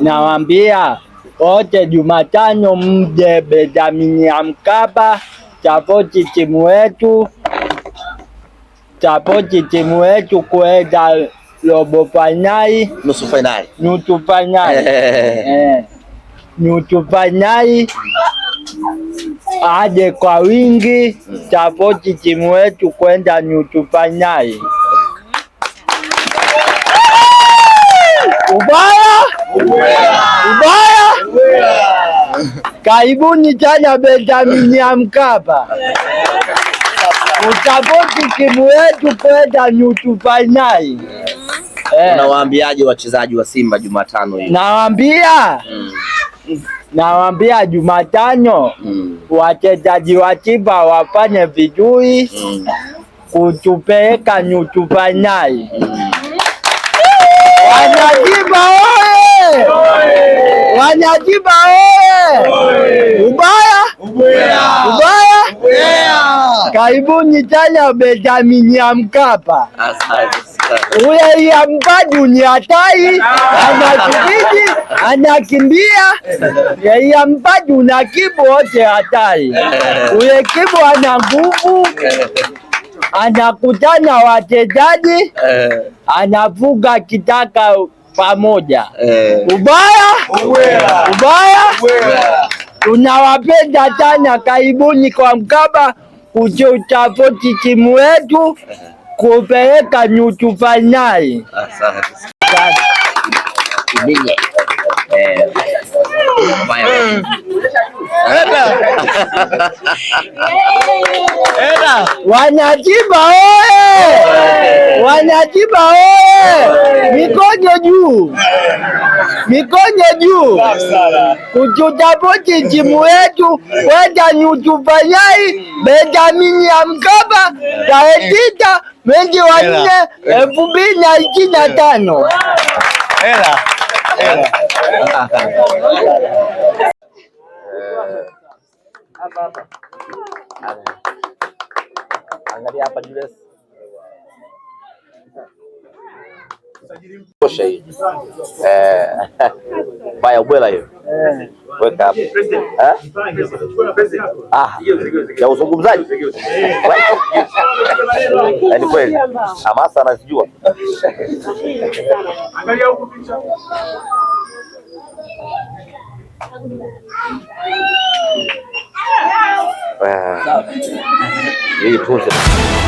nawaambia wote, Jumatano mje Benjamin ya Mkapa, sapoti timu wetu sapoti timu wetu kuenda robo fainali, nusu fainali, nusu fainali, eh. eh. nusu fainali aje kwa wingi, sapoti timu wetu kwenda nusu fainali ubaya ubaya. Karibuni tena Benjamini ya Mkapa utapoti timu yetu kwenda nusu fainali. Eh. Unawaambiaje wachezaji wa Simba Jumatano hiyo? Nawaambia nawaambia Jumatano hmm. wachezaji wa Simba wafanye vizuri hmm. kutupeleka nusu fainali hmm. Wanasimba oye Wanyajiba oye! Ubaya ubaya! Karibuni tena Benjamin ya Mkapa. Ule ya mpaju ni hatai, anakibiji ah. anakimbia. Ya mpaju na kibo wote hatai, eh. ule kibo ana nguvu anakutana wachezaji, eh. anavuga kitaka pamoja eh. Ubaya Uwea. Ubaya Uwea. Tunawapenda tana, karibuni kwa Mkapa kuchotapoti timu yetu kupeleka nyutu fainali. Wanajiba oye! Wanajiba oye! mikonye juu, kuchuta jimu yetu kwenda nyutufanyai Benjamini ya Mkapa tarehe tisa mwezi wa nne elfu mbili na ishirini na tano. Angalia hapa Julius. tosha hii eh, baya ubwela hiyo weka hapo eh? ah, ya uzungumzaji ni yaani kweli, hamasa anazijua. hii, eh, tunze